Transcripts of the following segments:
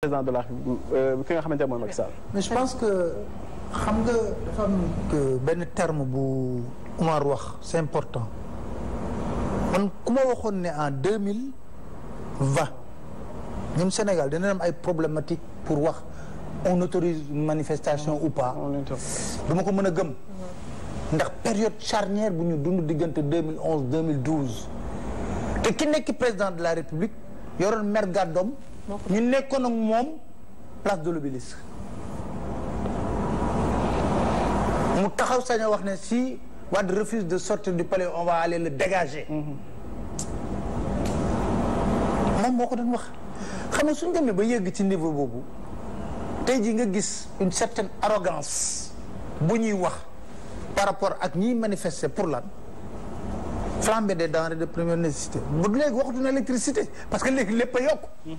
président de la euh, ki nga xamante ne mooy Macky Sall. mais je pense que xam nga dafa que benn terme bu Umar wax c'est important man ku ma waxoon ne en deux mille vingt Sénégal dina am ay problématique pour wax on autorise une manifestation ou pas. duma ko mën a gëm. ndax période charnière bu ñu dund diggante deux mille onze deux mille douze. te ki nekk président de la République yoroon mer gàddoom ñu nekkoon ak moom place de l'Obélisque mu taxaw sañ wax ne si de refuse de sortir du palais on va aller le dégager. moom boo ko doon wax xam nga suñ demee ba yegg ci niveau boobu tey ji nga gis une certaine arrogance bu ñuy wax par rapport ak ñiy manifester pour lan flambée des denrées de première nécessité bu léegi waxatu na électricité parce que léegi lépp a yokk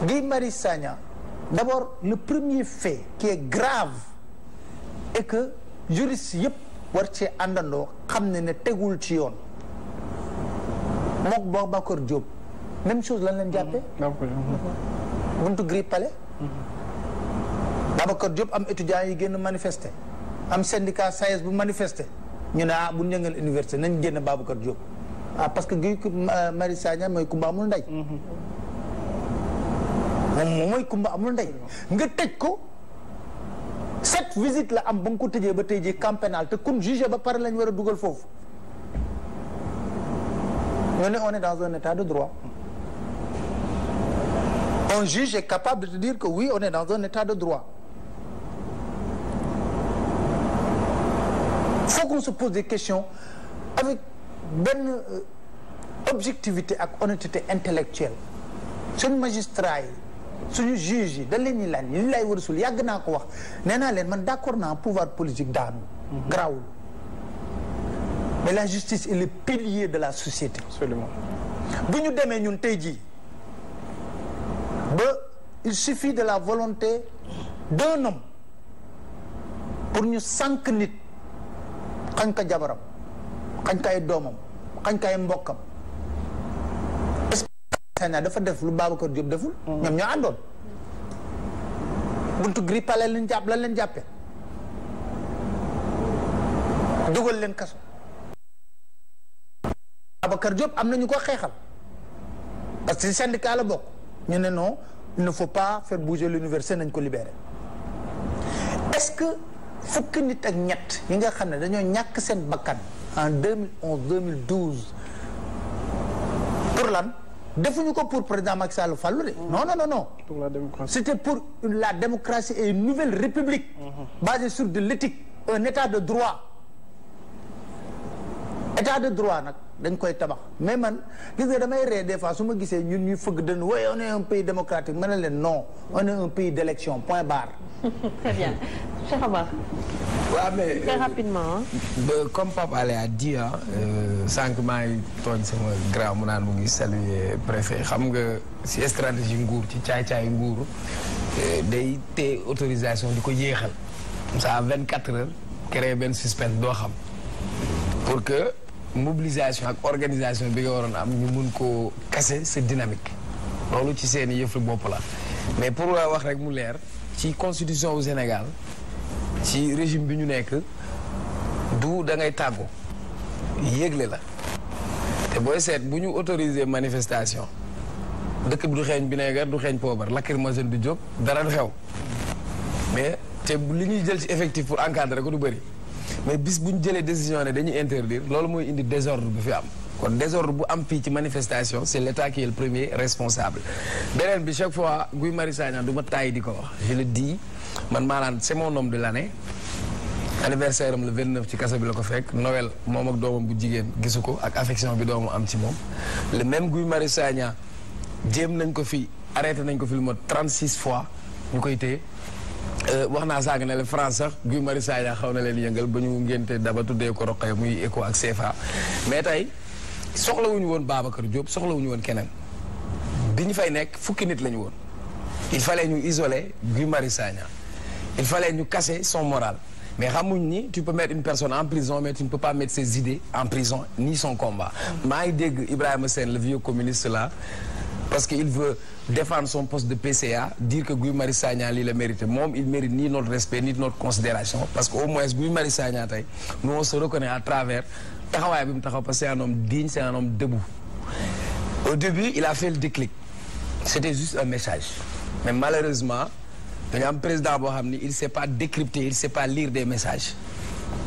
Guy Marius Sagna d'abord le premier fait qui est grave est que juriste yëpp war cee àndandoo xam ne ne tegul ci yoon mook Babacar Diop même chose lan leen jàppee mm-hmm. mm-hmm. buntu Gris Palais mm-hmm. Babacar Diop am étudiants yi génn manifester am syndicat SAES bu manifester ñu ne ah bu ñëngal université nañ génn Babacar Diop ah parce que Guy Marius Sagna mooy ku mbaamul ndey moom mooy kumba amul ndey nga tëj ko cette visite la am ba nga ko tëjee ba tey jii camp pénal te kun jugé ba pare lañ war a dugal foofu ñu ne on est dans un état de droit un juge est capable de te dire que oui dans un état de droit faut qu'on se pose des questions avec benn euh, objectivité ak honnêteté intellectuelle seen magistrat yi suñu juge yi dañ leen ñu laaj li lay warasul yàgg naa ko wax nee naa leen man d'accord naa pouvoir politique daanu mhm. garaawul mais la justice est le pilier de la société absolument bu ñu demee ñun tey jii ba il suffit de la volonté d'un pour ñu sànq nit xañ ka jabaram xañ kay doomam xañ kay mbokkam Sagna dafa def lu Babacar Diop deful. Mm-hmm. ñoom ñoo àndoon. buntu Gris Palais lañ jàpp lan leen jàppee. dugal leen kaso. Babacar Diop am na ñu ko xeexal. parce que syndicat la bokk. ñu ne noo il ne faut pas faire bouger l'université nañ ko libérer. est-ce que fukki nit ak ñett yi nga xam ne dañoo ñàkk seen bakkan en 2011 2012 pour lan. defuñu ko pour président Macky Sall fallu de non non non non c'était pour la démocratie et une nouvelle république mhm. basée sur de l'éthique un état de droit état de droit nag dañ koy tabax mais man gis nga damay ree des fois su ma gisee ñun ñuy fëgg dënn waaye on est un pays démocratique ma ne leen non on est un pays d'élection point barre très bien Cheikh Omar. waaw mais très euh, rapidement. comme Pape a dit ah. sànq maa ngi tooñ sama grand mu naan mu ngi saluer préfet xam nga si stratégie nguur ci caay-caay nguur euh, day téye autorisation di ko yéexal. ça vingt quatre heures créer benn suspense doo xam pour que mobilisation ak organisation bi nga waroon am ñu mun koo casser sa dynamique loolu ci seen yëfu bopp la mais pour wax rek mu leer. ci constitution wu Sénégal ci régime bi ñu nekk du da ngay tàggu yégle la te booy seet bu ñu autoriser manifestation dëkk bi du xeeñ vinaigre du xeeñ poobar lacrymogène du jóg dara du xew mais te li ñuy jël ci effectif pour encadrer ko du bëri mais bis bu ñu jëlee décision ne dañuy interdire loolu mooy indi désordre bu fi am kon désordre bu am fii ci manifestation c' est l' état le premier responsable beneen bi chaque fois Guy Marius Sagna du ma taay di ko wax je le dis man maanaam c' est mon homme de l' année anniversaire am le 29 ci kaso bi la ko fekk nowel moom ak doomam bu jigéen gisu ko ak affection bi doomu am ci moom le même Guy Marius Sagna jéem nañ ko fi arrêté nañ ko fi lu ma mot 36 fois ñu koy téye euh, wax naa saaga na la France sax Guy Marius xaw na leen yëngal ba ñu ngénte daba tuddee ko roqee muy ak CFA mais soxlawuñu woon Babacar Diop soxlawuñu woon kenaan bi ñu fay nekk fukki nit lañu woon il fallait ñu isole Guy Marius Sagna il fallait ñu casser son moral mais xamuñ ni tu peux mettre une personne en prison mais tu ne peux pas mettre ses idées en prison ni son combat maa ngi dégg Ibrahima Sène le vieux communiste la parce que il veut défendre son poste de PCA dire que Guy Marius Sagna lii la mérite moom il mérite ni notre respect ni notre considération parce que au moins Guy Marius Sagna tey nous on à travers taxawaay bi mu taxaw parce que c'est un homme digne c'est un homme debout au début il a fait le déclic c'était juste un message mais malheureusement dañu am président boo xam ni il sait pas décrypter il sait pas lire des messages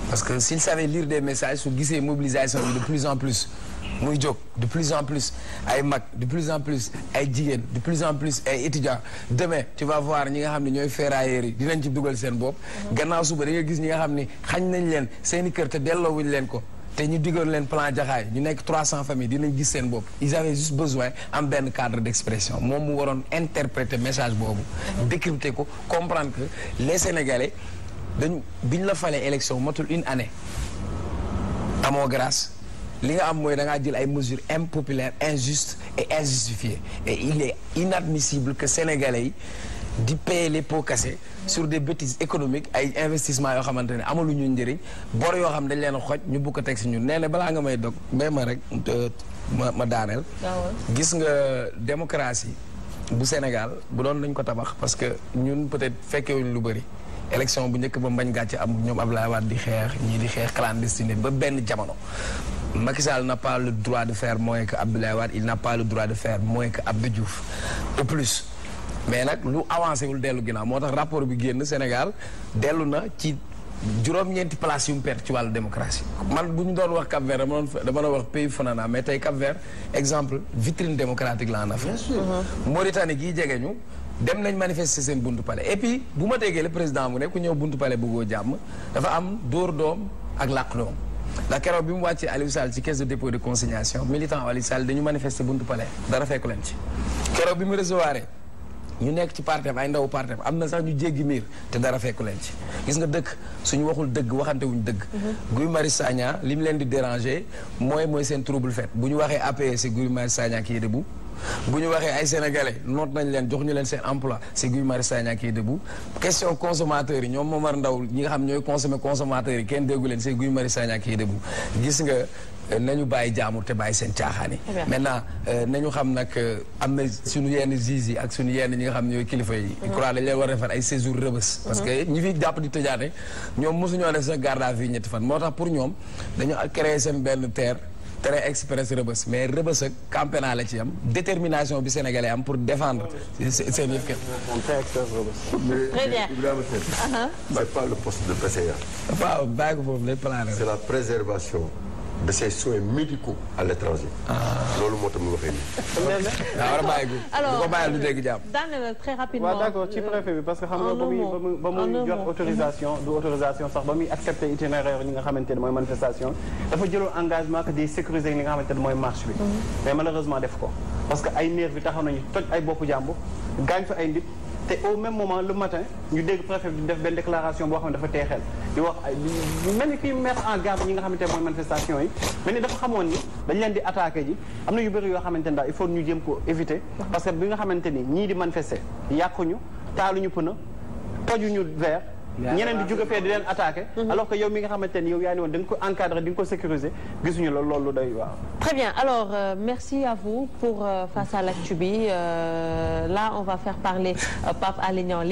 parce que s'il savait lire des messages su gisee mobilisation bi de plus en plus muy jóg de plus en plus ay mag de plus en plus ay jigéen de plus en plus ay étudiants demain tu vas voir ñi nga xam ne ñooy ferrailleurs yi dinañ ci dugal seen bopp gannaaw suba gis ñi nga xam ne xañ nañ leen seen i kër leen ko te ñu digoon leen plan jaxaay ñu nekk trois 300 familles dinañ gis seen bopp ils avaient juste besoin am benn cadre d'expression moom mu waroon interpréter message boobu. décrypter ko comprendre que les sénégalais dañu biñ la falee élection matul une année amoo grâce li nga am mooy da ngaa jël ay mesures impopulaires injustes et injustifiées et il est inadmissible que sénégalais yi. di payer les pots cassés sur des bêtises économiques ay investissement yoo xamante ne amaluñu njëriñ bor yoo xam dañ leen xoj ñu bugg ko teg si ñun nee na balaa nga may dog may ma rek euh, ma ma daaneel. Ah gis nga démocratie bu Sénégal bu doon nañ ko tabax parce que ñun peut-être fekkee lu bëri. élection bu njëkk ba mbañ gàcce am ñoom Abdoulaye waat di xeex ñii di xeex clandestine ba benn jamono Macky Sall n'a pas droit de faire mooy que Abdoulaye Wade il de faire moins que Abdou Diouf au plus. mais nag lu avancé wul dellu ginnaaw moo tax rapport bi génn Sénégal dellu na ci juróom-ñeenti place yu mu perte ci wàllu démocratie man bu ñu doon wax Cap Vert dama doon dama doon wax pays Fonana mais tey Cap Vert exemple vitrine démocratique la en Afrique. bien sûr uh-huh. Mauritanie gii jegee ñu dem nañ manifester seen buntu palais et puis bu ma déggee le président mu ne ku ñëw buntu palais bëggoo jàmm dafa am dóor doom ak làq doom ndax keroog bi mu wàccee Aliou Sall ci caisse d dépôt de consignation militant Aliou dañu manifester buntu palais dara fekku leen ci keroog bi mu recevoir ñu nekk ci partem ay ndaw partem am na sax ñu jéggi miir te dara fekku leen ci gis nga dëkk suñu waxul dëgg waxante wuñ dëgg mhm. Guy Marius Sagna li mu leen di mooy mooy seen trouble bu ñu waxee APS c'est Guy Marius Sagna qui ñu waxee ay sénégalais noot nañ leen jox ñu leen seen emploi c'est Guy Marius Sagna qui est debout question consommateurs yi ñoom Momar Ndao ñi nga xam ñooy consommer consommateurs yi kenn déggu leen c'est Guy Marius Sagna qui est debout gis nga nañu bàyyi jaamur te bàyyi seen caaxaan yi na euh, nañu xam nag euh, am na suñu yenn juges yi ak suñu yenn ñi nga xam ne ñooy kilifa yi mm-hmm. crois dañ leen war a defar ay séjour rëbës parce que mm-hmm. ñi fi jàpp di tëjaate ñoom mosuñoo def sax garde à vue ñetti fan moo tax pour ñoom dañu créé seen benn terre train express rëbës mais rëbës ak la ci am détermination bi sénégalais am pour défendre seen yëf kenn très bien uh-huh. c'est pas le poste de bàyyi ko foofu lay plan c'est la préservation de ses soins médicaux à l'étranger. Ah. loolu moo tax mu waxee nii. Ah, waaw a bàyyi alors ko euh, euh, que xam nga euh, ba sax ba muy accepté itinéraire li nga xamante ne mooy manifestation dafa jëloo engagement que day sécuriser li ne mooy marche bi. Mhm. mais malheureusement def ko parce que ay nerf bi taxaw nañu toj ay boppu jàmbur gaañ fa ay nit te au même moment le matin ñu dégg préfet bi def benn déclaration boo xam ne dafa teexeel. di ay mel ni kuy mettre en garde ñi nga xamante mooy manifestation yi mel ni dafa xamoon ni dañ leen di attaqué ji am na yu bëri yoo xamante ne daal il faut ñu jéem ko éviter parce que bi nga xamante ni ñii di manifester yàquñu taaluñu pëna tojuñu verre ñeneen di jóge fee di leen attaqué mm-hmm. alors que yow mi nga xamante ni yow yaa ni woon da nga ko encadré di nga ko sécuriser gisuñu la loolu day waaw très bien alors euh, merci à vous pour euh, face à l'actu bi euh, là on va faire parler euh, Pape Alé Niang